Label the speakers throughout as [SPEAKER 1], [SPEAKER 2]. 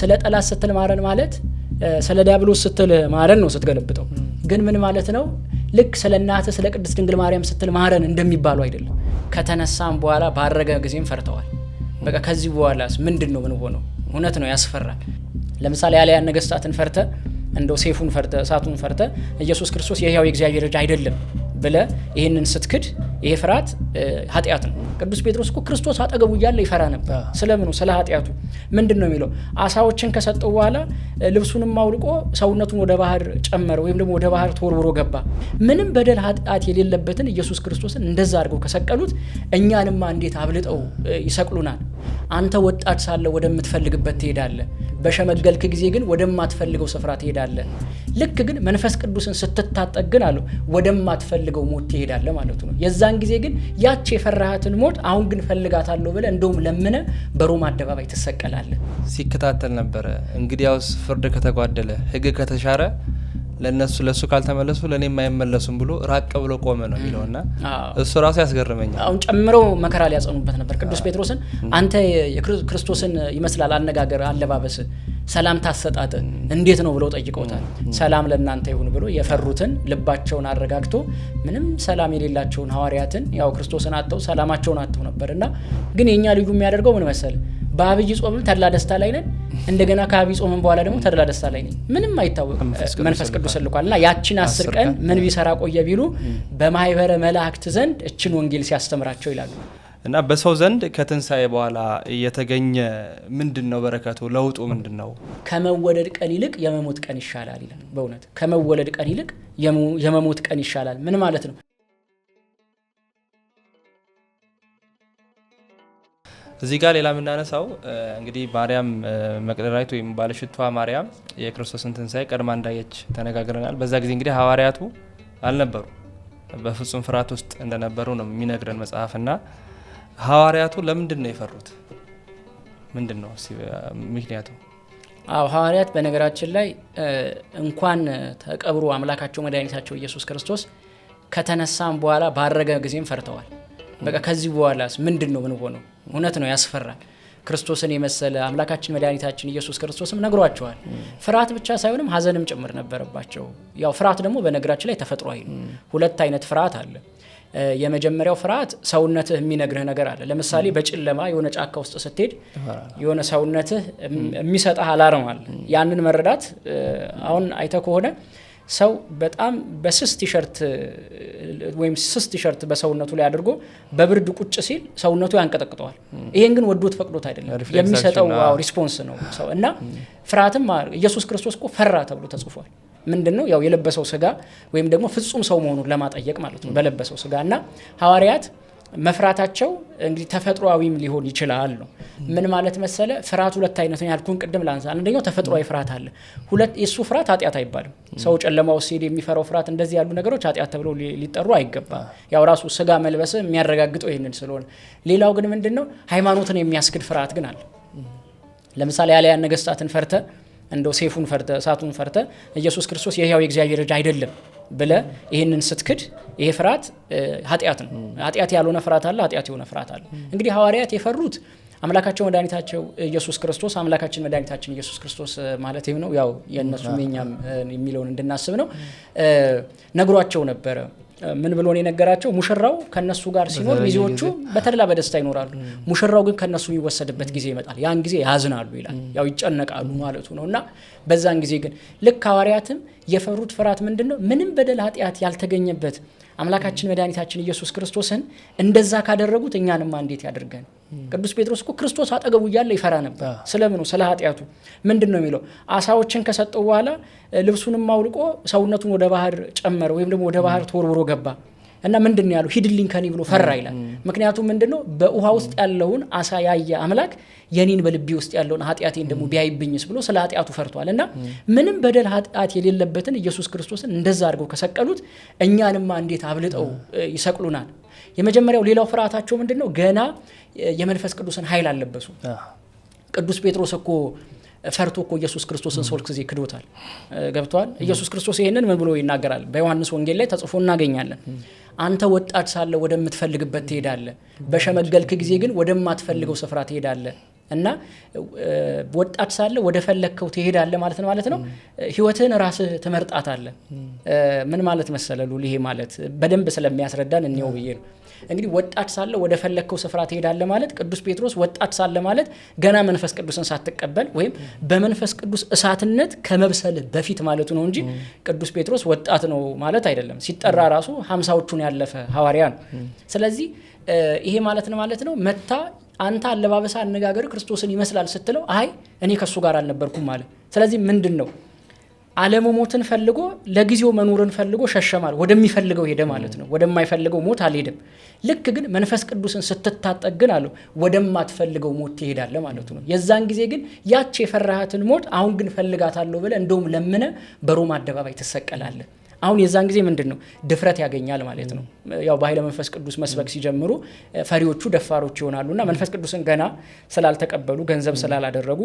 [SPEAKER 1] ስለ ጠላት ስትል ማረን ማለት ስለ ዲያብሎስ ስትል ማረን ነው ስትገለብጠው። ግን ምን ማለት ነው? ልክ ስለ እናተ ስለ ቅድስት ድንግል ማርያም ስትል ማረን እንደሚባሉ አይደለም። ከተነሳም በኋላ ባረገ ጊዜም ፈርተዋል። በቃ ከዚህ በኋላ ምንድን ነው ምን ሆነው? እውነት ነው ያስፈራል። ለምሳሌ አልያን ነገስታትን ፈርተ እንደው ሴፉን ፈርተ እሳቱን ፈርተ ኢየሱስ ክርስቶስ የህያው የእግዚአብሔር ልጅ አይደለም ብለ ይህንን ስትክድ ይሄ ፍርሃት ኃጢአት ነው። ቅዱስ ጴጥሮስ እኮ ክርስቶስ አጠገቡ እያለ ይፈራ ነበር። ስለምኑ? ስለ ኃጢአቱ። ምንድን ነው የሚለው? አሳዎችን ከሰጠው በኋላ ልብሱንም አውልቆ ሰውነቱን ወደ ባህር ጨመረ፣ ወይም ደግሞ ወደ ባህር ተወርውሮ ገባ። ምንም በደል ኃጢአት የሌለበትን ኢየሱስ ክርስቶስን እንደዛ አድርገው ከሰቀሉት እኛንማ እንዴት አብልጠው ይሰቅሉናል? አንተ ወጣት ሳለ ወደምትፈልግበት ትሄዳለህ። በሸመገልክ ጊዜ ግን ወደማትፈልገው ስፍራ ትሄዳለህ። ልክ ግን መንፈስ ቅዱስን ስትታጠቅ ግን አለው ወደማትፈልገው ሞት ትሄዳለ ማለቱ ነው። የዛን ጊዜ ግን ያች የፈራሃትን ሞት አሁን ግን ፈልጋታለሁ ብለ እንደውም ለምነ በሮም አደባባይ ትሰቀላለ
[SPEAKER 2] ሲከታተል ነበረ። እንግዲያውስ ፍርድ ከተጓደለ ህግ ከተሻረ ለነሱ ለሱ ካልተመለሱ ለእኔም አይመለሱም ብሎ ራቅ ብሎ ቆመ ነው የሚለውና እሱ ራሱ ያስገርመኛል።
[SPEAKER 1] አሁን ጨምረው መከራ ሊያጸኑበት ነበር ቅዱስ ጴጥሮስን። አንተ ክርስቶስን ይመስላል አነጋገር፣ አለባበስ፣ ሰላምታ አሰጣጥ እንዴት ነው ብለው ጠይቀውታል። ሰላም ለእናንተ ይሁን ብሎ የፈሩትን ልባቸውን አረጋግቶ ምንም ሰላም የሌላቸውን ሐዋርያትን ያው ክርስቶስን አጥተው ሰላማቸውን አጥተው ነበር እና ግን የእኛ ልዩ የሚያደርገው ምን መሰል በአብይ ጾምም ተድላ ደስታ ላይ ነን እንደገና ከአብይ ጾምን በኋላ ደግሞ ተድላ ደስታ ላይ ነኝ። ምንም አይታወቅም። መንፈስ ቅዱስ ልኳል እና ያችን አስር ቀን ምን ቢሰራ ቆየ ቢሉ በማይበረ መላእክት ዘንድ እችን ወንጌል ሲያስተምራቸው ይላሉ።
[SPEAKER 2] እና በሰው ዘንድ ከትንሣኤ በኋላ የተገኘ ምንድን ነው በረከቱ? ለውጡ ምንድን ነው?
[SPEAKER 1] ከመወለድ ቀን ይልቅ የመሞት ቀን ይሻላል ይላል። በእውነት ከመወለድ ቀን ይልቅ የመሞት ቀን ይሻላል ምን ማለት ነው?
[SPEAKER 2] እዚህ ጋር ሌላ የምናነሳው እንግዲህ ማርያም መቅደላዊት ወይም ባለሽቷ ማርያም የክርስቶስን ትንሳኤ ቀድማ እንዳየች ተነጋግረናል። በዛ ጊዜ እንግዲህ ሐዋርያቱ አልነበሩ፣ በፍጹም ፍርሃት ውስጥ እንደነበሩ ነው የሚነግረን መጽሐፍና ሐዋርያቱ ለምንድን ነው የፈሩት? ምንድን ነው ምክንያቱ?
[SPEAKER 1] አዎ ሐዋርያት በነገራችን ላይ እንኳን ተቀብሮ አምላካቸው መድኃኒታቸው ኢየሱስ ክርስቶስ ከተነሳም በኋላ ባረገ ጊዜም ፈርተዋል። በቃ ከዚህ በኋላስ ምንድን ነው ሆነው? እውነት ነው ያስፈራል። ክርስቶስን የመሰለ አምላካችን መድኃኒታችን ኢየሱስ ክርስቶስም ነግሯቸዋል። ፍርሃት ብቻ ሳይሆንም ሀዘንም ጭምር ነበረባቸው። ያው ፍርሃት ደግሞ በነገራችን ላይ ተፈጥሯዊ ነው። ሁለት አይነት ፍርሃት አለ። የመጀመሪያው ፍርሃት ሰውነትህ የሚነግርህ ነገር አለ። ለምሳሌ በጨለማ የሆነ ጫካ ውስጥ ስትሄድ የሆነ ሰውነትህ የሚሰጠህ አላርም አለ። ያንን መረዳት አሁን አይተህ ከሆነ ሰው በጣም በስስ ቲሸርት ወይም ስስ ቲሸርት በሰውነቱ ላይ አድርጎ በብርድ ቁጭ ሲል ሰውነቱ ያንቀጠቅጠዋል። ይሄን ግን ወዶት ፈቅዶት አይደለም የሚሰጠው ሪስፖንስ ነው ሰው እና ፍርሃትም ኢየሱስ ክርስቶስ እኮ ፈራ ተብሎ ተጽፏል። ምንድን ነው ያው የለበሰው ስጋ ወይም ደግሞ ፍጹም ሰው መሆኑን ለማጠየቅ ማለት ነው በለበሰው ስጋ እና ሐዋርያት መፍራታቸው እንግዲህ ተፈጥሯዊም ሊሆን ይችላል ነው። ምን ማለት መሰለ፣ ፍርሃት ሁለት አይነት ነው ያልኩን ቅድም ላንሳ። አንደኛው ተፈጥሯዊ ፍርሃት አለ። ሁለት የሱ ፍርሃት አጥያት አይባልም። ሰው ጨለማው ውስጥ ሲሄድ የሚፈራው ፍርሃት፣ እንደዚህ ያሉ ነገሮች አጥያት ተብሎ ሊጠሩ አይገባም። ያው ራሱ ስጋ መልበስ የሚያረጋግጠው ይህንን ስለሆነ፣ ሌላው ግን ምንድን ነው ሃይማኖትን የሚያስክድ ፍርሃት ግን አለ። ለምሳሌ ያለያን ነገስታትን ፈርተ እንደው ሴፉን ፈርተ እሳቱን ፈርተ ኢየሱስ ክርስቶስ የህያው የእግዚአብሔር ልጅ አይደለም ብለ ይህንን ስትክድ ይሄ ፍርሃት ኃጢአት ነው። ኃጢአት ያልሆነ ፍርሃት አለ፣ ኃጢአት የሆነ ፍርሃት አለ። እንግዲህ ሐዋርያት የፈሩት አምላካቸው መድኃኒታቸው ኢየሱስ ክርስቶስ አምላካችን መድኃኒታችን ኢየሱስ ክርስቶስ ማለት ነው። ያው የእነሱም የኛም የሚለውን እንድናስብ ነው። ነግሯቸው ነበረ ምን ብሎን የነገራቸው? ሙሽራው ከነሱ ጋር ሲኖር ሚዜዎቹ በተድላ በደስታ ይኖራሉ። ሙሽራው ግን ከነሱ የሚወሰድበት ጊዜ ይመጣል። ያን ጊዜ ያዝናሉ ይላል። ያው ይጨነቃሉ ማለቱ ነው። እና በዛን ጊዜ ግን ልክ ሐዋርያትም የፈሩት ፍርሃት ምንድን ነው? ምንም በደል ኃጢአት ያልተገኘበት አምላካችን መድኃኒታችን ኢየሱስ ክርስቶስን እንደዛ ካደረጉት እኛንማ እንዴት ያደርገን? ቅዱስ ጴጥሮስ እኮ ክርስቶስ አጠገቡ እያለ ይፈራ ነበር። ስለምኑ? ስለ ኃጢአቱ። ምንድን ነው የሚለው? አሳዎችን ከሰጠው በኋላ ልብሱንም አውልቆ ሰውነቱን ወደ ባህር ጨመረ፣ ወይም ደግሞ ወደ ባህር ተወርውሮ ገባ። እና ምንድን ያሉ ያለው? ሂድልኝ ከኔ ብሎ ፈራ ይላል። ምክንያቱም ምንድን ነው በውሃ ውስጥ ያለውን አሳ ያየ አምላክ የኔን በልቤ ውስጥ ያለውን ኃጢአቴን ደግሞ ቢያይብኝስ ብሎ ስለ ኃጢአቱ ፈርቷል። እና ምንም በደል ኃጢአት የሌለበትን ኢየሱስ ክርስቶስን እንደዛ አድርገው ከሰቀሉት እኛንማ እንዴት አብልጠው ይሰቅሉናል? የመጀመሪያው ሌላው ፍርሃታቸው ምንድን ነው? ገና የመንፈስ ቅዱስን ኃይል አለበሱ ቅዱስ ጴጥሮስ እኮ ፈርቶ እኮ ኢየሱስ ክርስቶስን ሶስት ጊዜ ክዶታል። ገብተዋል። ኢየሱስ ክርስቶስ ይህንን ምን ብሎ ይናገራል? በዮሐንስ ወንጌል ላይ ተጽፎ እናገኛለን። አንተ ወጣት ሳለ ወደምትፈልግበት ትሄዳለ፣ በሸመገልክ ጊዜ ግን ወደማትፈልገው ስፍራ ትሄዳለ እና ወጣት ሳለ ወደ ፈለግከው ትሄዳለ ማለት ነው ማለት ነው። ህይወትህን ራስህ ትመርጣታለ። ምን ማለት መሰለሉ ይሄ ማለት በደንብ ስለሚያስረዳን እኒው ብዬ ነው። እንግዲህ ወጣት ሳለ ወደ ፈለግከው ስፍራ ትሄዳለ ማለት ቅዱስ ጴጥሮስ ወጣት ሳለ ማለት ገና መንፈስ ቅዱስን ሳትቀበል ወይም በመንፈስ ቅዱስ እሳትነት ከመብሰል በፊት ማለቱ ነው እንጂ ቅዱስ ጴጥሮስ ወጣት ነው ማለት አይደለም። ሲጠራ ራሱ ሀምሳዎቹን ያለፈ ሐዋርያ ነው። ስለዚህ ይሄ ማለት ነው ማለት ነው መታ አንተ አለባበሳ አነጋገር ክርስቶስን ይመስላል ስትለው አይ እኔ ከሱ ጋር አልነበርኩም ማለት ስለዚህ ምንድን ነው አለመሞትን ፈልጎ ለጊዜው መኖርን ፈልጎ ሸሸማል። ወደሚፈልገው ሄደ ማለት ነው። ወደማይፈልገው ሞት አልሄደም። ልክ ግን መንፈስ ቅዱስን ስትታጠቅ ግን አለው ወደማትፈልገው ሞት ትሄዳለ ማለቱ ነው። የዛን ጊዜ ግን ያች የፈራሃትን ሞት አሁን ግን ፈልጋታለሁ ብለ እንደውም ለምነ በሮም አደባባይ ተሰቀላለ። አሁን የዛን ጊዜ ምንድን ነው ድፍረት ያገኛል ማለት ነው። ያው በኃይለ መንፈስ ቅዱስ መስበክ ሲጀምሩ ፈሪዎቹ ደፋሮች ይሆናሉ እና መንፈስ ቅዱስን ገና ስላልተቀበሉ ገንዘብ ስላላደረጉ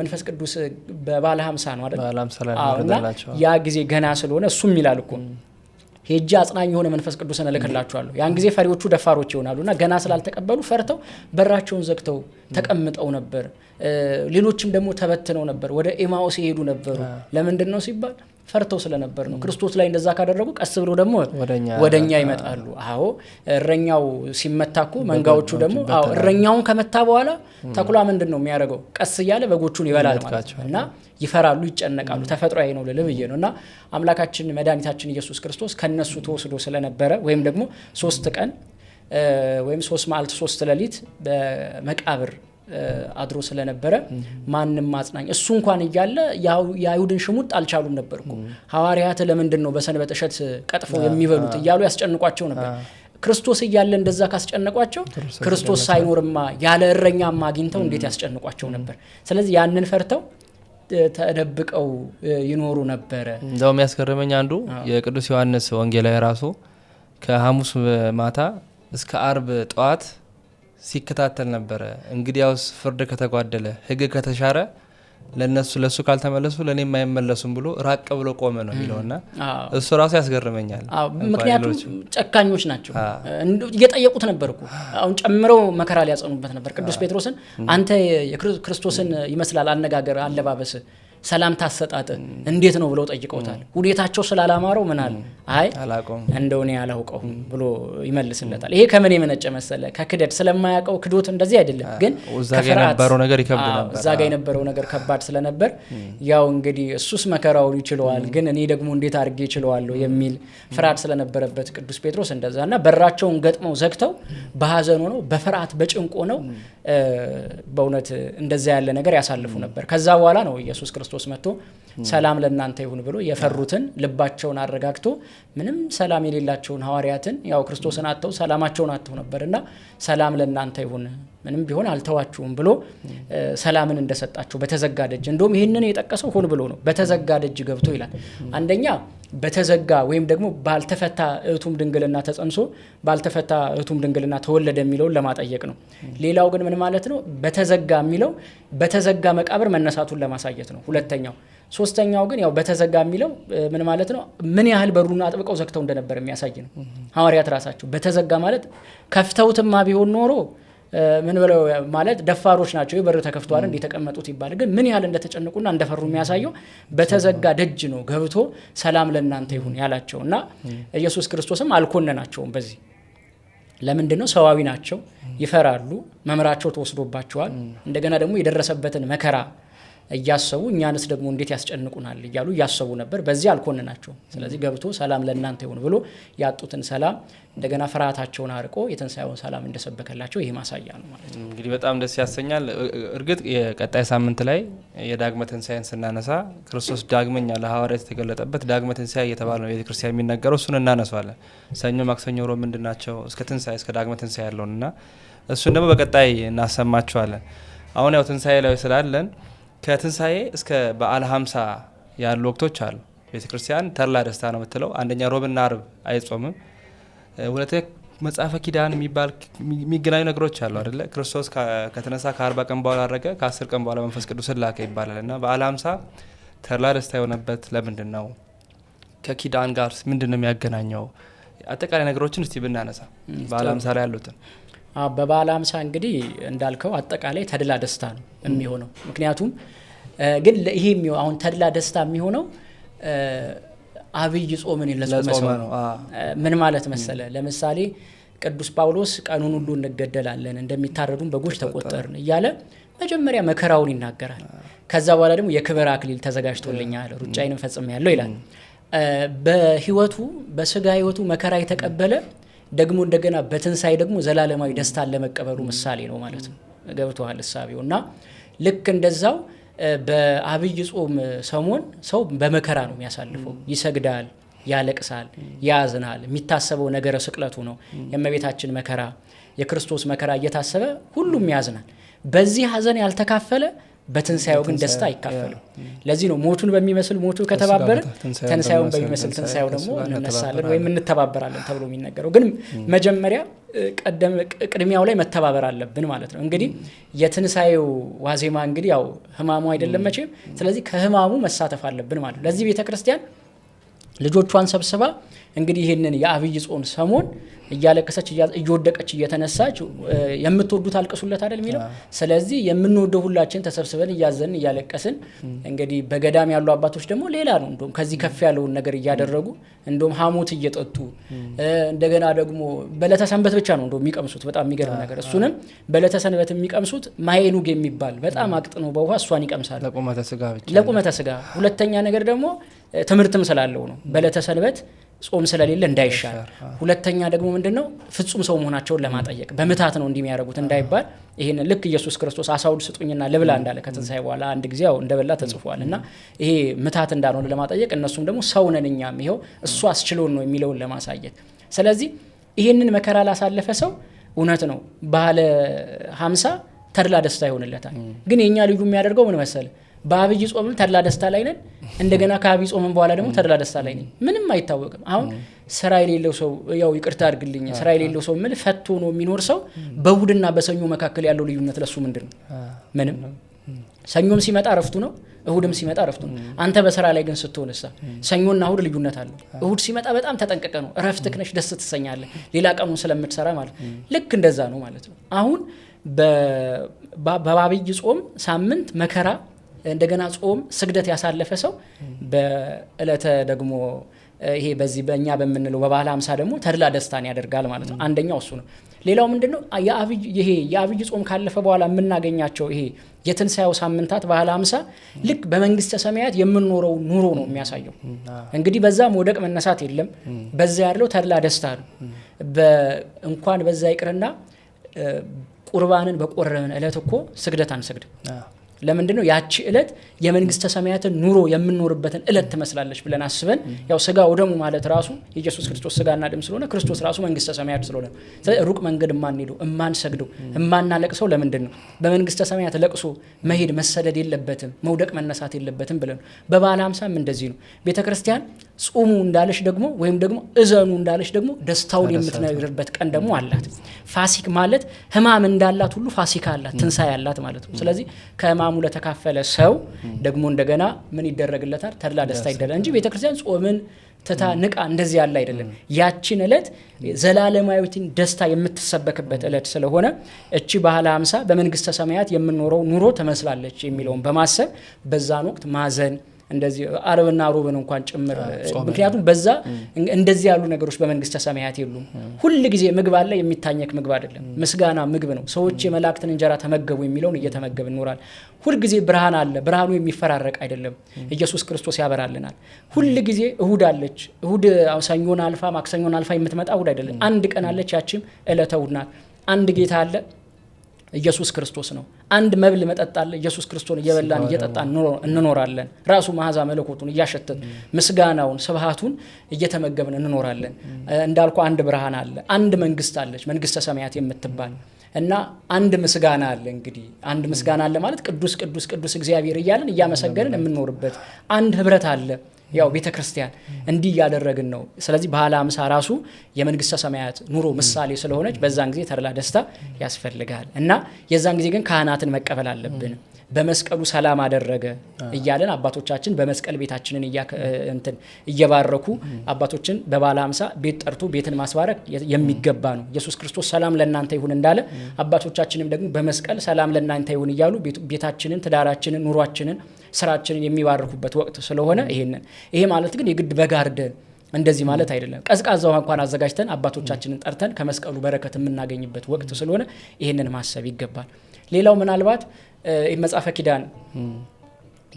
[SPEAKER 1] መንፈስ ቅዱስ በባለ ሀምሳ ነው አለና ያ ጊዜ ገና ስለሆነ እሱም ይላል እኮ ሄጂ አጽናኝ የሆነ መንፈስ ቅዱስ እልክላችኋለሁ። ያን ጊዜ ፈሪዎቹ ደፋሮች ይሆናሉና ገና ስላልተቀበሉ ፈርተው በራቸውን ዘግተው ተቀምጠው ነበር። ሌሎችም ደግሞ ተበትነው ነበር፣ ወደ ኤማኦስ ይሄዱ ነበሩ። ለምንድን ነው ሲባል ፈርተው ስለነበር ነው። ክርስቶስ ላይ እንደዛ ካደረጉ ቀስ ብሎ ደግሞ ወደኛ ይመጣሉ። አዎ እረኛው ሲመታኩ መንጋዎቹ ደግሞ እረኛውን ከመታ በኋላ ተኩላ ምንድን ነው የሚያደርገው? ቀስ እያለ በጎቹን ይበላል ማለት ነው እና ይፈራሉ፣ ይጨነቃሉ። ተፈጥሯዊ ነው ልል ብዬ ነው እና አምላካችን መድኃኒታችን ኢየሱስ ክርስቶስ ከነሱ ተወስዶ ስለነበረ ወይም ደግሞ ሶስት ቀን ወይም ሶስት መዓልት ሶስት ሌሊት በመቃብር አድሮ ስለነበረ ማንም አጽናኝ እሱ እንኳን እያለ የአይሁድን ሽሙጥ አልቻሉም ነበር እኮ ሐዋርያት ለምንድን ነው በሰንበት እሸት ቀጥፈው የሚበሉት እያሉ ያስጨንቋቸው ነበር። ክርስቶስ እያለ እንደዛ ካስጨነቋቸው ክርስቶስ ሳይኖርማ ያለ እረኛማ አግኝተው እንዴት ያስጨንቋቸው ነበር? ስለዚህ ያንን ፈርተው ተደብቀው ይኖሩ ነበረ።
[SPEAKER 2] እንደውም የሚያስገርመኝ አንዱ የቅዱስ ዮሐንስ ወንጌላዊ ራሱ ከሐሙስ ማታ እስከ አርብ ጠዋት ሲከታተል ነበረ። እንግዲያውስ ፍርድ ከተጓደለ ህግ ከተሻረ ለነሱ ለሱ ካልተመለሱ ለእኔም አይመለሱም ብሎ ራቅ ብሎ ቆመ ነው የሚለውና እሱ ራሱ ያስገርመኛል።
[SPEAKER 1] ምክንያቱም ጨካኞች ናቸው። እየጠየቁት ነበር እኮ አሁን ጨምረው መከራ ሊያጸኑበት ነበር። ቅዱስ ጴጥሮስን አንተ የክርስቶስን ይመስላል አነጋገር፣ አለባበስ ሰላምታ አሰጣጥ እንዴት ነው ብለው ጠይቀውታል። ሁኔታቸው ስላላማረው ምናል አይ እንደው እኔ ብሎ ይመልስለታል። ይሄ ከምን የመነጨ መሰለ? ከክደድ ስለማያውቀው ክዶት እንደዚህ አይደለም፣ ግን
[SPEAKER 2] እዛ ጋ የነበረው
[SPEAKER 1] ነገር ከባድ ስለነበር ያው እንግዲህ እሱስ መከራውን ይችለዋል፣ ግን እኔ ደግሞ እንዴት አድርጌ ይችለዋለሁ የሚል ፍርሃት ስለነበረበት ቅዱስ ጴጥሮስ እንደዛ እና በራቸውን ገጥመው ዘግተው በሀዘኑ ነው በፍርሃት በጭንቆ ነው በእውነት እንደዛ ያለ ነገር ያሳልፉ ነበር። ከዛ በኋላ ነው ኢየሱስ ክርስቶስ ክርስቶስ መጥቶ ሰላም ለእናንተ ይሁን ብሎ የፈሩትን ልባቸውን አረጋግቶ ምንም ሰላም የሌላቸውን ሐዋርያትን ያው ክርስቶስን አጥተው ሰላማቸውን አጥተው ነበር እና ሰላም ለእናንተ ይሁን ምንም ቢሆን አልተዋችሁም ብሎ ሰላምን እንደሰጣቸው በተዘጋ ደጅ እንደውም ይህንን የጠቀሰው ሆን ብሎ ነው። በተዘጋ ደጅ ገብቶ ይላል። አንደኛ በተዘጋ ወይም ደግሞ ባልተፈታ እህቱም ድንግልና ተጸንሶ ባልተፈታ እህቱም ድንግልና ተወለደ የሚለውን ለማጠየቅ ነው። ሌላው ግን ምን ማለት ነው? በተዘጋ የሚለው በተዘጋ መቃብር መነሳቱን ለማሳየት ነው። ሁለተኛው። ሶስተኛው ግን ያው በተዘጋ የሚለው ምን ማለት ነው? ምን ያህል በሩን አጥብቀው ዘግተው እንደነበር የሚያሳይ ነው። ሐዋርያት ራሳቸው በተዘጋ ማለት ከፍተውትማ ቢሆን ኖሮ ምን ብለው ማለት ደፋሮች ናቸው። በር ተከፍቷል እንዲህ ተቀመጡት ይባል። ግን ምን ያህል እንደተጨነቁና እንደፈሩ የሚያሳየው በተዘጋ ደጅ ነው ገብቶ ሰላም ለእናንተ ይሁን ያላቸው እና ኢየሱስ ክርስቶስም አልኮነናቸውም። በዚህ ለምንድን ነው ሰዋዊ ናቸው፣ ይፈራሉ፣ መምራቸው ተወስዶባቸዋል። እንደገና ደግሞ የደረሰበትን መከራ እያሰቡ እኛንስ ደግሞ እንዴት ያስጨንቁናል እያሉ እያሰቡ ነበር። በዚህ አልኮን ናቸው። ስለዚህ ገብቶ ሰላም ለእናንተ ይሁን ብሎ ያጡትን ሰላም እንደገና ፍርሃታቸውን አርቆ የትንሣኤውን ሰላም እንደሰበከላቸው ይሄ ማሳያ ነው ማለት
[SPEAKER 2] ነው። እንግዲህ በጣም ደስ ያሰኛል። እርግጥ የቀጣይ ሳምንት ላይ የዳግመ ትንሳኤን ስናነሳ ክርስቶስ ዳግመኛ ለሐዋርያት የተገለጠበት ዳግመ ትንሳኤ እየተባለ ነው ቤተክርስቲያን የሚነገረው። እሱን እናነሷለን። ሰኞ፣ ማክሰኞ፣ ሮብ ምንድን ናቸው? እስከ ትንሳኤ እስከ ዳግመ ትንሳኤ ያለውን እና እሱን ደግሞ በቀጣይ እናሰማችኋለን። አሁን ያው ትንሳኤ ላይ ስላለን ከትንሣኤ እስከ በዓለ ሀምሳ ያሉ ወቅቶች አሉ። ቤተ ክርስቲያን ተርላ ደስታ ነው የምትለው። አንደኛ ሮብና አርብ አይጾምም። ሁለተኛ መጽሐፈ ኪዳን የሚባል የሚገናኙ ነገሮች አሉ አደለ? ክርስቶስ ከተነሳ ከአርባ ቀን በኋላ አረገ፣ ከአስር ቀን በኋላ መንፈስ ቅዱስ ላከ ይባላል እና በዓለ ሀምሳ ተላ ደስታ የሆነበት ለምንድን ነው? ከኪዳን ጋር ምንድን ነው የሚያገናኘው? አጠቃላይ ነገሮችን እስቲ ብናነሳ በዓለ ሀምሳ ላይ ያሉትን
[SPEAKER 1] በበዓለ ሃምሳ እንግዲህ እንዳልከው አጠቃላይ ተድላ ደስታ ነው የሚሆነው። ምክንያቱም ግን ይሄ አሁን ተድላ ደስታ የሚሆነው አብይ ጾምን
[SPEAKER 2] ለጾመ ነው።
[SPEAKER 1] ምን ማለት መሰለ፣ ለምሳሌ ቅዱስ ጳውሎስ ቀኑን ሁሉ እንገደላለን እንደሚታረዱን በጎች ተቆጠርን እያለ መጀመሪያ መከራውን ይናገራል። ከዛ በኋላ ደግሞ የክብር አክሊል ተዘጋጅቶልኛል ሩጫዬንም ፈጽሜያለሁ ይላል። በህይወቱ በስጋ ህይወቱ መከራ የተቀበለ ደግሞ እንደገና በትንሳኤ ደግሞ ዘላለማዊ ደስታን ለመቀበሉ ምሳሌ ነው ማለት ነው። ገብቶሃል እሳቤው እና ልክ እንደዛው በአብይ ጾም ሰሞን ሰው በመከራ ነው የሚያሳልፈው። ይሰግዳል፣ ያለቅሳል፣ ያዝናል። የሚታሰበው ነገረ ስቅለቱ ነው። የእመቤታችን መከራ፣ የክርስቶስ መከራ እየታሰበ ሁሉም ያዝናል። በዚህ ሀዘን ያልተካፈለ በትንሳኤው ግን ደስታ አይካፈልም። ለዚህ ነው ሞቱን በሚመስል ሞቱ ከተባበርን፣ ትንሣኤውን በሚመስል ትንሳኤው ደግሞ እንነሳለን ወይም እንተባበራለን ተብሎ የሚነገረው ግን መጀመሪያ ቅድሚያው ላይ መተባበር አለብን ማለት ነው። እንግዲህ የትንሳኤው ዋዜማ እንግዲህ ያው ህማሙ አይደለም መቼም። ስለዚህ ከህማሙ መሳተፍ አለብን ማለት ነው። ለዚህ ቤተ ክርስቲያን ልጆቿን ሰብስባ እንግዲህ ይህንን የአብይ ጾን ሰሞን እያለቀሰች እየወደቀች እየተነሳች የምትወዱት አልቅሱለት አይደል የሚለው። ስለዚህ የምንወደው ሁላችን ተሰብስበን እያዘንን እያለቀስን እንግዲህ በገዳም ያሉ አባቶች ደግሞ ሌላ ነው እንደም ከዚህ ከፍ ያለውን ነገር እያደረጉ እንደም ሀሞት እየጠጡ እንደገና ደግሞ በለተሰንበት ብቻ ነው እንደም የሚቀምሱት። በጣም የሚገርም ነገር እሱንም በለተሰንበት የሚቀምሱት ማይኑግ የሚባል በጣም አቅጥ ነው በውሃ እሷን ይቀምሳል ለቁመተ ስጋ። ሁለተኛ ነገር ደግሞ ትምህርትም ስላለው ነው በለተሰንበት ጾም ስለሌለ እንዳይሻል ሁለተኛ ደግሞ ምንድን ነው ፍጹም ሰው መሆናቸውን ለማጠየቅ በምታት ነው እንዲህ እንዳይባል ይህን ልክ ኢየሱስ ክርስቶስ አሳውድ ስጡኝና ልብላ እንዳለ ከትንሳኤ በኋላ አንድ ጊዜ ያው እንደበላ ተጽፏል እና ይሄ ምታት እንዳልሆነ ለማጠየቅ እነሱም ደግሞ ሰው ነን እኛም ይኸው እሱ አስችሎን ነው የሚለውን ለማሳየት ስለዚህ ይህንን መከራ ላሳለፈ ሰው እውነት ነው ባለ ሀምሳ ተድላ ደስታ ይሆንለታል። ግን የእኛ ልዩ የሚያደርገው ምን መሰለ በአብይ ጾምም ተድላ ደስታ ላይ ነን። እንደገና ከአብይ ጾምም በኋላ ደግሞ ተድላ ደስታ ላይ ነን። ምንም አይታወቅም። አሁን ስራ የሌለው ሰው ያው ይቅርታ አድርግልኝ፣ ስራ የሌለው ሰው ምል ፈቶ ነው የሚኖር ሰው በእሁድና በሰኞ መካከል ያለው ልዩነት ለሱ ምንድን ነው? ምንም ሰኞም ሲመጣ እረፍቱ ነው፣ እሁድም ሲመጣ እረፍቱ ነው። አንተ በስራ ላይ ግን ስትሆንሳ ሰኞና እሁድ ልዩነት አለው። እሁድ ሲመጣ በጣም ተጠንቀቀ ነው፣ እረፍት ክነሽ ደስ ትሰኛለህ፣ ሌላ ቀኑን ስለምትሰራ ማለት ልክ እንደዛ ነው ማለት ነው። አሁን በባብይ ጾም ሳምንት መከራ እንደገና ጾም፣ ስግደት ያሳለፈ ሰው በእለተ ደግሞ ይሄ በዚህ በእኛ በምንለው በባህል አምሳ ደግሞ ተድላ ደስታን ያደርጋል ማለት ነው። አንደኛው እሱ ነው። ሌላው ምንድን ነው? የአብይ ይሄ የአብይ ጾም ካለፈ በኋላ የምናገኛቸው ይሄ የትንሣኤው ሳምንታት ባህል አምሳ ልክ በመንግስተ ሰማያት የምንኖረው ኑሮ ነው የሚያሳየው። እንግዲህ በዛ መውደቅ መነሳት የለም። በዛ ያለው ተድላ ደስታ ነው። እንኳን በዛ ይቅርና ቁርባንን በቆረብን እለት እኮ ስግደት አንሰግድም። ለምንድን ነው ያቺ እለት የመንግስተ ሰማያትን ኑሮ የምንኖርበትን እለት ትመስላለች ብለን አስበን ያው ስጋ ወደሙ ማለት ራሱ የኢየሱስ ክርስቶስ ስጋና ደም ስለሆነ ክርስቶስ ራሱ መንግስተ ሰማያት ስለሆነ ሩቅ መንገድ እማንሄደው እማንሰግደው እማናለቅሰው ለምንድን ነው በመንግስተ ሰማያት ለቅሶ መሄድ መሰደድ የለበትም መውደቅ መነሳት የለበትም ብለን በበዓለ ሃምሳም እንደዚህ ነው ቤተ ክርስቲያን ጹሙ እንዳለች ደግሞ ወይም ደግሞ እዘኑ እንዳለች ደግሞ ደስታውን የምትነግርበት ቀን ደግሞ አላት ፋሲክ ማለት ህማም እንዳላት ሁሉ ፋሲካ አላት ትንሣኤ አላት ማለት ነው ስለዚህ ከህማ ሕማሙ ለተካፈለ ሰው ደግሞ እንደገና ምን ይደረግለታል? ተድላ ደስታ ይደረጋል እንጂ ቤተክርስቲያን ጾምን ትታ ንቃ እንደዚህ ያለ አይደለም። ያችን ዕለት ዘላለማዊትን ደስታ የምትሰበክበት ዕለት ስለሆነ እቺ ባህለ አምሳ በመንግስተ ሰማያት የምንኖረው ኑሮ ትመስላለች የሚለውን በማሰብ በዛን ወቅት ማዘን እንደዚህ አርብና ሮብን እንኳን ጭምር ምክንያቱም በዛ እንደዚህ ያሉ ነገሮች በመንግስተ ሰማያት የሉም። ሁል ጊዜ ምግብ አለ፣ የሚታኘክ ምግብ አይደለም። ምስጋና ምግብ ነው። ሰዎች የመላእክትን እንጀራ ተመገቡ የሚለውን እየተመገብ እንኖራል። ሁልጊዜ ብርሃን አለ፣ ብርሃኑ የሚፈራረቅ አይደለም። ኢየሱስ ክርስቶስ ያበራልናል። ሁል ጊዜ እሁድ አለች። እሁድ ሰኞን አልፋ ማክሰኞን አልፋ የምትመጣ እሁድ አይደለም። አንድ ቀን አለች፣ ያችም እለተ እሁድ ናት። አንድ ጌታ አለ ኢየሱስ ክርስቶስ ነው። አንድ መብል መጠጣለ ኢየሱስ ክርስቶስን እየበላን እየጠጣን እንኖራለን። ራሱ መዓዛ መለኮቱን እያሸተት ምስጋናውን፣ ስብሃቱን እየተመገብን እንኖራለን። እንዳልኩ አንድ ብርሃን አለ፣ አንድ መንግስት አለች፣ መንግስተ ሰማያት የምትባል እና አንድ ምስጋና አለ። እንግዲህ አንድ ምስጋና አለ ማለት ቅዱስ ቅዱስ ቅዱስ እግዚአብሔር እያለን እያመሰገንን የምንኖርበት አንድ ህብረት አለ ያው ቤተ ክርስቲያን እንዲህ እያደረግን ነው። ስለዚህ ባህለ አምሳ ራሱ የመንግስተ ሰማያት ኑሮ ምሳሌ ስለሆነች በዛን ጊዜ ተድላ ደስታ ያስፈልጋል እና የዛን ጊዜ ግን ካህናትን መቀበል አለብን። በመስቀሉ ሰላም አደረገ እያለን አባቶቻችን በመስቀል ቤታችንን እንትን እየባረኩ አባቶችን በባለ አምሳ ቤት ጠርቶ ቤትን ማስባረክ የሚገባ ነው። ኢየሱስ ክርስቶስ ሰላም ለእናንተ ይሁን እንዳለ አባቶቻችንም ደግሞ በመስቀል ሰላም ለእናንተ ይሁን እያሉ ቤታችንን፣ ትዳራችንን፣ ኑሯችንን ስራችንን የሚባርኩበት ወቅት ስለሆነ ይሄንን ይሄ ማለት ግን የግድ በጋርደን እንደዚህ ማለት አይደለም። ቀዝቃዛ ውሃ እንኳን አዘጋጅተን አባቶቻችንን ጠርተን ከመስቀሉ በረከት የምናገኝበት ወቅት ስለሆነ ይህንን ማሰብ ይገባል። ሌላው ምናልባት መጽሐፈ ኪዳን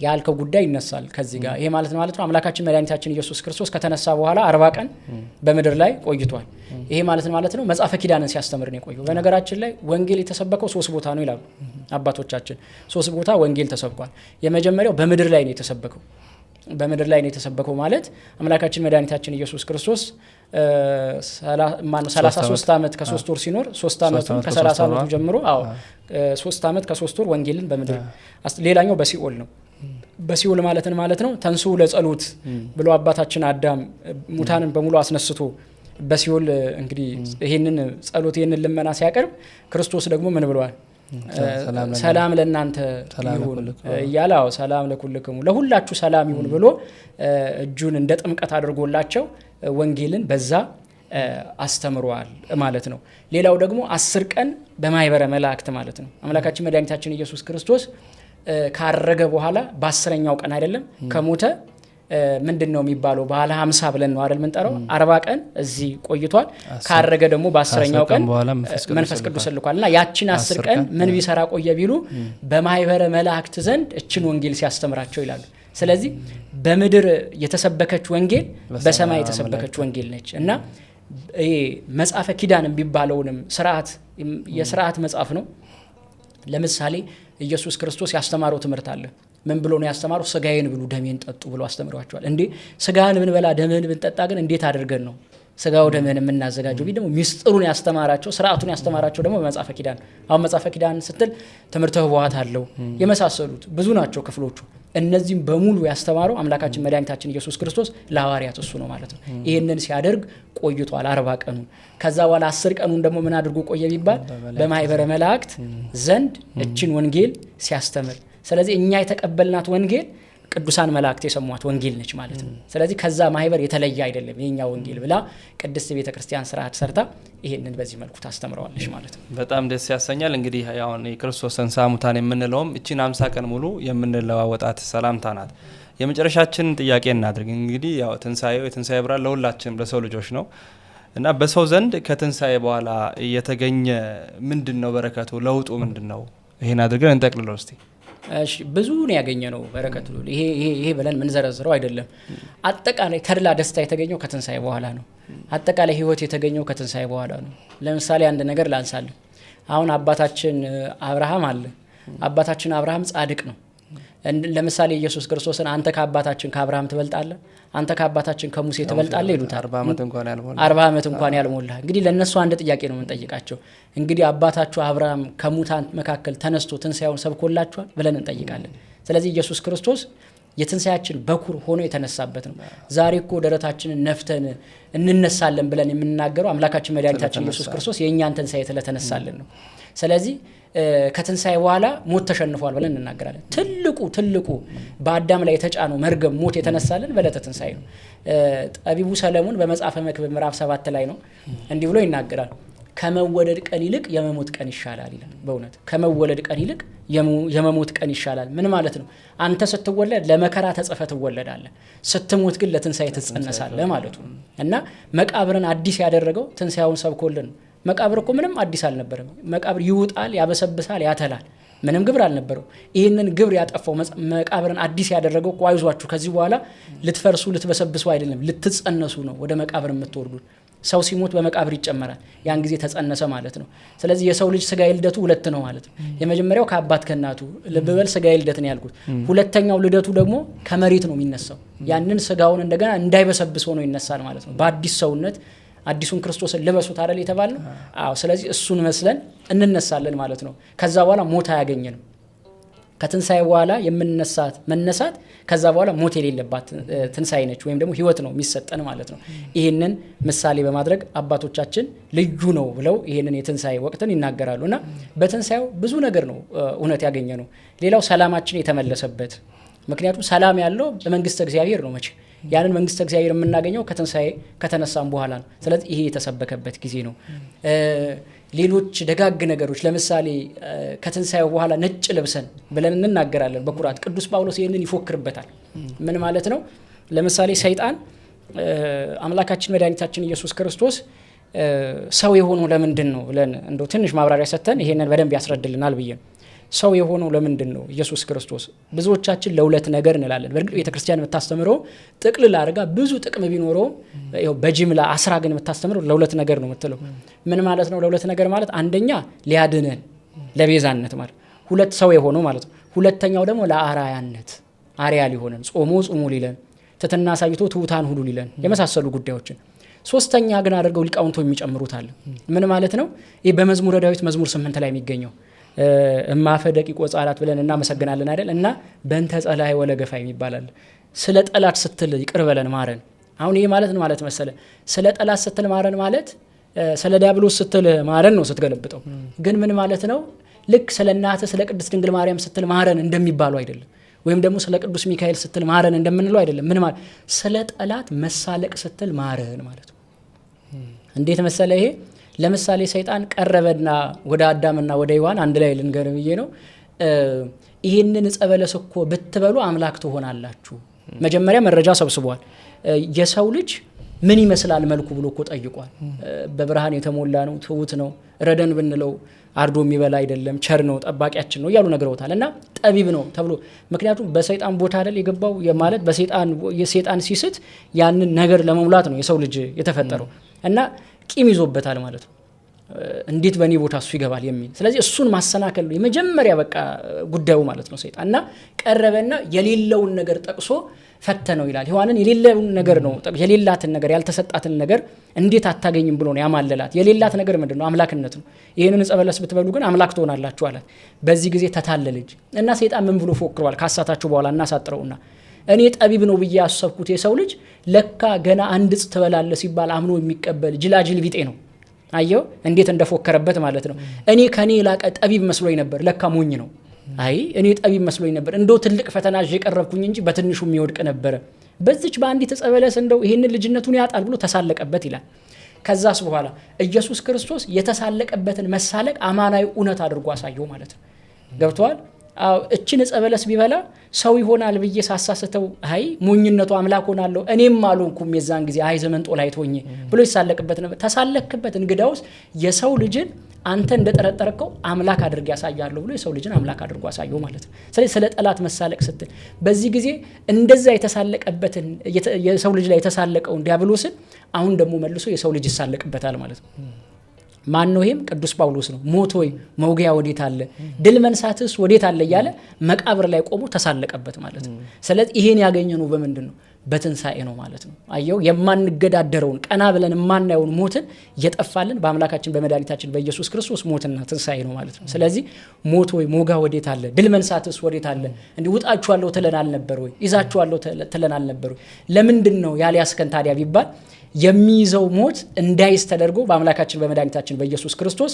[SPEAKER 1] ያልከው ጉዳይ ይነሳል ከዚህ ጋር ይሄ ማለት ማለት ነው አምላካችን መድኃኒታችን ኢየሱስ ክርስቶስ ከተነሳ በኋላ አርባ ቀን በምድር ላይ ቆይቷል። ይሄ ማለት ማለት ነው መጽሐፈ ኪዳንን ሲያስተምር ነው የቆየው። በነገራችን ላይ ወንጌል የተሰበከው ሶስት ቦታ ነው ይላሉ አባቶቻችን። ሶስት ቦታ ወንጌል ተሰብኳል። የመጀመሪያው በምድር ላይ ነው የተሰበከው። በምድር ላይ ነው የተሰበከው ማለት አምላካችን መድኃኒታችን ኢየሱስ ክርስቶስ 33 ዓመት ከሶስት ወር ሲኖር ሶስት ዓመቱ ከ30 ዓመቱ ጀምሮ ሶስት ዓመት ከሶስት ወር ወንጌልን በምድር ሌላኛው በሲኦል ነው በሲውል ማለትን ማለት ነው። ተንሱ ለጸሎት ብሎ አባታችን አዳም ሙታንን በሙሉ አስነስቶ በሲውል እንግዲህ ይህንን ጸሎት ይህንን ልመና ሲያቀርብ ክርስቶስ ደግሞ ምን ብሏል? ሰላም ለእናንተ ይሁን እያለ ሰላም ለኩልክሙ ለሁላችሁ ሰላም ይሁን ብሎ እጁን እንደ ጥምቀት አድርጎላቸው ወንጌልን በዛ አስተምረዋል ማለት ነው። ሌላው ደግሞ አስር ቀን በማይበረ መላእክት ማለት ነው አምላካችን መድኃኒታችን ኢየሱስ ክርስቶስ ካረገ በኋላ በአስረኛው ቀን አይደለም ከሞተ ምንድን ነው የሚባለው? በዓለ ሀምሳ ብለን ነው አይደል የምንጠራው። አርባ ቀን እዚህ ቆይቷል። ካረገ ደግሞ በአስረኛው ቀን መንፈስ ቅዱስ ልኳል እና ያችን አስር ቀን ምን ቢሰራ ቆየ ቢሉ በማህበረ መላእክት ዘንድ እችን ወንጌል ሲያስተምራቸው ይላሉ። ስለዚህ በምድር የተሰበከች ወንጌል በሰማይ የተሰበከች ወንጌል ነች እና መጽሐፈ ኪዳን የሚባለውንም ስርዓት የስርዓት መጽሐፍ ነው ለምሳሌ ኢየሱስ ክርስቶስ ያስተማረው ትምህርት አለ። ምን ብሎ ነው ያስተማረው? ስጋዬን ብሉ ደሜን ጠጡ ብሎ አስተምሯቸዋል። እንዴ ስጋህን ብንበላ ደምህን ብንጠጣ ግን እንዴት አድርገን ነው ስጋው ደምህን የምናዘጋጀው? ቢ ደግሞ ሚስጥሩን ያስተማራቸው ስርዓቱን ያስተማራቸው ደግሞ በመጽሐፈ ኪዳን አሁን መጽሐፈ ኪዳን ስትል ትምህርተ ህወሀት አለው የመሳሰሉት ብዙ ናቸው ክፍሎቹ እነዚህም በሙሉ ያስተማረው አምላካችን መድኃኒታችን ኢየሱስ ክርስቶስ ለሐዋርያት እሱ ነው ማለት ነው። ይህንን ሲያደርግ ቆይቷል አርባ ቀኑን። ከዛ በኋላ አስር ቀኑን ደግሞ ምን አድርጎ ቆየ ቢባል በማይበረ መላእክት ዘንድ እችን ወንጌል ሲያስተምር። ስለዚህ እኛ የተቀበልናት ወንጌል ቅዱሳን መላእክት የሰሟት ወንጌል ነች ማለት ነው። ስለዚህ ከዛ ማህበር የተለየ አይደለም የኛ ወንጌል ብላ ቅድስት ቤተ ክርስቲያን ስርዓት ሰርታ ይሄንን በዚህ መልኩ ታስተምረዋለች ማለት ነው።
[SPEAKER 2] በጣም ደስ ያሰኛል። እንግዲህ ሁን የክርስቶስ ተንሥአ የምንለውም እችን አምሳ ቀን ሙሉ የምንለዋወጣት ሰላምታ ናት። የመጨረሻችንን ጥያቄ እናድርግ። እንግዲህ ያው ትንሳኤው የትንሳኤ ብርሃን ለሁላችንም ለሰው ልጆች ነው እና በሰው ዘንድ ከትንሳኤ በኋላ የተገኘ ምንድን ነው በረከቱ፣ ለውጡ ምንድን ነው? ይሄን አድርገን እንጠቅልለው እስቲ።
[SPEAKER 1] ብዙ ነው ያገኘ ነው በረከት ሁሉ ይሄ ብለን ምንዘረዝረው አይደለም። አጠቃላይ ተድላ ደስታ የተገኘው ከትንሳኤ በኋላ ነው። አጠቃላይ ህይወት የተገኘው ከትንሳኤ በኋላ ነው። ለምሳሌ አንድ ነገር ላንሳለን። አሁን አባታችን አብርሃም አለ። አባታችን አብርሃም ጻድቅ ነው። ለምሳሌ ኢየሱስ ክርስቶስን አንተ ከአባታችን ከአብርሃም ትበልጣለህ፣ አንተ ከአባታችን ከሙሴ ትበልጣለህ ይሉታል። አርባ ዓመት እንኳን ያልሞላ እንግዲህ ለእነሱ አንድ ጥያቄ ነው የምንጠይቃቸው። እንግዲህ አባታችሁ አብርሃም ከሙታን መካከል ተነስቶ ትንሣኤውን ሰብኮላችኋል ብለን እንጠይቃለን። ስለዚህ ኢየሱስ ክርስቶስ የትንሣያችን በኩር ሆኖ የተነሳበት ነው። ዛሬ እኮ ደረታችንን ነፍተን እንነሳለን ብለን የምንናገረው አምላካችን መድኃኒታችን ኢየሱስ ክርስቶስ የእኛን ትንሣኤ ስለተነሳልን ነው። ስለዚህ ከትንሣኤ በኋላ ሞት ተሸንፏል ብለን እንናገራለን። ትልቁ ትልቁ በአዳም ላይ የተጫነው መርገም ሞት የተነሳልን በዕለተ ትንሣኤ ነው። ጠቢቡ ሰለሞን በመጽሐፈ መክብብ ምዕራፍ ሰባት ላይ ነው እንዲህ ብሎ ይናገራል ከመወለድ ቀን ይልቅ የመሞት ቀን ይሻላል ይላል። በእውነት ከመወለድ ቀን ይልቅ የመሞት ቀን ይሻላል። ምን ማለት ነው? አንተ ስትወለድ ለመከራ ተጽፈ ትወለዳለህ፣ ስትሞት ግን ለትንሣኤ ትጸነሳለህ ማለቱ እና መቃብርን አዲስ ያደረገው ትንሣኤውን ሰብኮልን ነው። መቃብር እኮ ምንም አዲስ አልነበረም። መቃብር ይውጣል፣ ያበሰብሳል፣ ያተላል። ምንም ግብር አልነበረው። ይህንን ግብር ያጠፋው መቃብርን አዲስ ያደረገው አይዟችሁ፣ ከዚህ በኋላ ልትፈርሱ ልትበሰብሱ አይደለም ልትጸነሱ ነው ወደ መቃብር የምትወርዱት ሰው ሲሞት በመቃብር ይጨመራል። ያን ጊዜ ተጸነሰ ማለት ነው። ስለዚህ የሰው ልጅ ስጋ ልደቱ ሁለት ነው ማለት ነው። የመጀመሪያው ከአባት ከእናቱ ልብበል ስጋ ልደት ነው ያልኩት። ሁለተኛው ልደቱ ደግሞ ከመሬት ነው የሚነሳው። ያንን ስጋውን እንደገና እንዳይበሰብስ ሆኖ ይነሳል ማለት ነው። በአዲስ ሰውነት አዲሱን ክርስቶስን ልበሱት አይደል የተባል ነው ስለዚህ እሱን መስለን እንነሳለን ማለት ነው። ከዛ በኋላ ሞት አያገኘንም። ከትንሣኤ በኋላ የምንነሳት መነሳት ከዛ በኋላ ሞት የሌለባት ትንሣኤ ነች፣ ወይም ደግሞ ህይወት ነው የሚሰጠን ማለት ነው። ይህንን ምሳሌ በማድረግ አባቶቻችን ልዩ ነው ብለው ይህንን የትንሣኤ ወቅትን ይናገራሉ እና በትንሣኤው ብዙ ነገር ነው እውነት ያገኘ ነው። ሌላው ሰላማችን የተመለሰበት ምክንያቱም ሰላም ያለው በመንግስት እግዚአብሔር ነው መቼ ያንን መንግስት እግዚአብሔር የምናገኘው ከትንሣኤ ከተነሳም በኋላ ነው። ስለዚህ ይሄ የተሰበከበት ጊዜ ነው። ሌሎች ደጋግ ነገሮች ለምሳሌ ከትንሣኤው በኋላ ነጭ ልብሰን ብለን እንናገራለን በኩራት ቅዱስ ጳውሎስ ይህንን ይፎክርበታል ምን ማለት ነው ለምሳሌ ሰይጣን አምላካችን መድኃኒታችን ኢየሱስ ክርስቶስ ሰው የሆኑ ለምንድን ነው ብለን እንደ ትንሽ ማብራሪያ ሰጥተን ይሄንን በደንብ ያስረድልናል ብዬ ነው ሰው የሆነው ለምንድን ነው? ኢየሱስ ክርስቶስ ብዙዎቻችን ለሁለት ነገር እንላለን። በእርግጥ ቤተክርስቲያን የምታስተምረው ጥቅልል አድርጋ ብዙ ጥቅም ቢኖረው በጅምላ አስራ ግን የምታስተምረው ለሁለት ነገር ነው የምትለው። ምን ማለት ነው? ለሁለት ነገር ማለት አንደኛ ሊያድነን ለቤዛነት ማለት ሁለት ሰው የሆነው ማለት ነው። ሁለተኛው ደግሞ ለአራያነት አሪያ ሊሆነን ጾሞ ጽሙ ሊለን ትትና አሳይቶ ትሑታን ሁሉ ሊለን የመሳሰሉ ጉዳዮችን ሶስተኛ ግን አድርገው ሊቃውንቶ የሚጨምሩት አለ። ምን ማለት ነው? ይህ በመዝሙረ ዳዊት መዝሙር ስምንት ላይ የሚገኘው እማፈ ደቂቆ ጻላት ብለን እናመሰግናለን አይደል? እና በእንተ ጸላይ ወለገፋይም የሚባላል ስለ ጠላት ስትል ይቅር በለን ማረን። አሁን ይህ ማለት ማለት መሰለ ስለ ጠላት ስትል ማረን ማለት ስለ ዲያብሎስ ስትል ማረን ነው ስትገለብጠው። ግን ምን ማለት ነው? ልክ ስለ እናተ ስለ ቅድስት ድንግል ማርያም ስትል ማረን እንደሚባለው አይደለም። ወይም ደግሞ ስለ ቅዱስ ሚካኤል ስትል ማረን እንደምንለው አይደለም። ምን ማለት ስለ ጠላት መሳለቅ ስትል ማረን ማለት ነው። እንዴት መሰለ ይሄ ለምሳሌ ሰይጣን ቀረበና ወደ አዳምና ወደ ይዋን አንድ ላይ ልንገር ብዬ ነው ይህንን ዕፀ በለስ እኮ ብትበሉ አምላክ ትሆናላችሁ። መጀመሪያ መረጃ ሰብስቧል። የሰው ልጅ ምን ይመስላል መልኩ ብሎ እኮ ጠይቋል። በብርሃን የተሞላ ነው፣ ትሁት ነው፣ ረደን ብንለው አርዶ የሚበላ አይደለም፣ ቸር ነው፣ ጠባቂያችን ነው እያሉ ነግረውታል። እና ጠቢብ ነው ተብሎ ምክንያቱም በሰይጣን ቦታ አይደል የገባው ማለት በሰይጣን ሲስት ያንን ነገር ለመሙላት ነው የሰው ልጅ የተፈጠረው እና ቂም ይዞበታል ማለት ነው። እንዴት በእኔ ቦታ እሱ ይገባል የሚል ስለዚህ እሱን ማሰናከል ነው የመጀመሪያ በቃ ጉዳዩ ማለት ነው። ሰይጣን እና ቀረበና የሌለውን ነገር ጠቅሶ ፈተነው ይላል። ህዋንን የሌለውን ነገር ነው የሌላትን ነገር ያልተሰጣትን ነገር እንዴት አታገኝም ብሎ ነው ያማለላት። የሌላት ነገር ምንድን ነው? አምላክነት ነው። ይህንን ጸበለስ ብትበሉ ግን አምላክ ትሆናላችሁ አላት። በዚህ ጊዜ ተታለለች እና ሰይጣን ምን ብሎ ፎክሯል ካሳታችሁ በኋላ እናሳጥረውና እኔ ጠቢብ ነው ብዬ ያሰብኩት የሰው ልጅ ለካ ገና አንድ ጽ ትበላለ ሲባል አምኖ የሚቀበል ጅላጅል ቢጤ ነው። አየው እንዴት እንደፎከረበት ማለት ነው። እኔ ከኔ የላቀ ጠቢብ መስሎኝ ነበር፣ ለካ ሞኝ ነው። አይ እኔ ጠቢብ መስሎኝ ነበር፣ እንደው ትልቅ ፈተና የቀረብኩኝ እንጂ በትንሹ የሚወድቅ ነበረ። በዚች በአንዲት ዕፀ በለስ እንደው ይህንን ልጅነቱን ያጣል ብሎ ተሳለቀበት ይላል። ከዛስ በኋላ ኢየሱስ ክርስቶስ የተሳለቀበትን መሳለቅ አማናዊ እውነት አድርጎ አሳየው ማለት ነው። ገብተዋል። እችን ዕፀ በለስ ቢበላ ሰው ይሆናል ብዬ ሳሳስተው፣ አይ ሞኝነቱ አምላክ ሆናለሁ እኔም አልሆንኩም የዛን ጊዜ አይ ዘመን ጦል አይቶኝ ብሎ ይሳለቅበት ነበር። ተሳለክበት፣ እንግዳውስ የሰው ልጅን አንተ እንደጠረጠርከው አምላክ አድርግ ያሳያለሁ ብሎ የሰው ልጅን አምላክ አድርጎ አሳየው ማለት ነው። ስለዚህ ስለ ጠላት መሳለቅ ስትል በዚህ ጊዜ እንደዛ የተሳለቀበትን የሰው ልጅ ላይ የተሳለቀውን ዲያብሎስን አሁን ደግሞ መልሶ የሰው ልጅ ይሳለቅበታል ማለት ነው። ማን ነው? ይሄም ቅዱስ ጳውሎስ ነው። ሞት ወይ መውጊያ ወዴት አለ? ድል መንሳትስ ወዴት አለ? እያለ መቃብር ላይ ቆሞ ተሳለቀበት ማለት ነው። ስለዚህ ይሄን ያገኘነው በምንድን ነው? በትንሣኤ ነው ማለት ነው። አየው የማንገዳደረውን ቀና ብለን የማናየውን ሞትን እየጠፋልን በአምላካችን በመድኃኒታችን በኢየሱስ ክርስቶስ ሞትና ትንሣኤ ነው ማለት ነው። ስለዚህ ሞት ወይ ሞጋ ወዴት አለ? ድል መንሳትስ ወዴት አለ? እንዲ ውጣችኋለሁ ትለን አልነበር ወይ? ይዛችኋለሁ ትለን አልነበር ወይ? ለምንድን ነው ያልያዝከን ታዲያ ቢባል የሚይዘው ሞት እንዳይዝ ተደርጎ በአምላካችን በመድኃኒታችን በኢየሱስ ክርስቶስ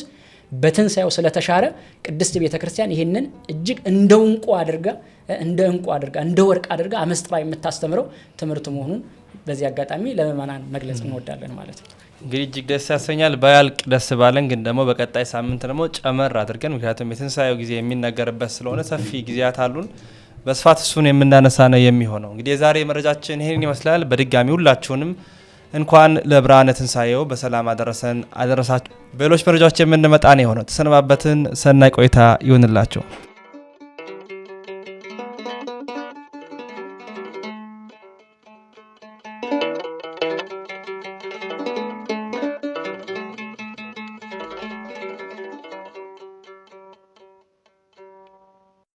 [SPEAKER 1] በትንሣኤው ስለተሻረ ቅድስት ቤተ ክርስቲያን ይህንን እጅግ እንደ እንቁ አድርጋ እንደ እንቁ አድርጋ እንደ ወርቅ አድርጋ አመስጥራ የምታስተምረው ትምህርት መሆኑን በዚህ አጋጣሚ ለምእመናን መግለጽ እንወዳለን ማለት ነው።
[SPEAKER 2] እንግዲህ እጅግ ደስ ያሰኛል። ባያልቅ ደስ ባለን፣ ግን ደግሞ በቀጣይ ሳምንት ደግሞ ጨመር አድርገን ምክንያቱም የትንሣኤው ጊዜ የሚነገርበት ስለሆነ ሰፊ ጊዜያት አሉን። በስፋት እሱን የምናነሳ ነው የሚሆነው። እንግዲህ የዛሬ መረጃችን ይህን ይመስላል። በድጋሚ ሁላችሁንም እንኳን ለብርሃነ ትንሳኤው በሰላም አደረሰን አደረሳችሁ። በሌሎች መረጃዎች የምንመጣ ነው የሆነው። ተሰነባበትን። ሰናይ ቆይታ ይሆንላቸው።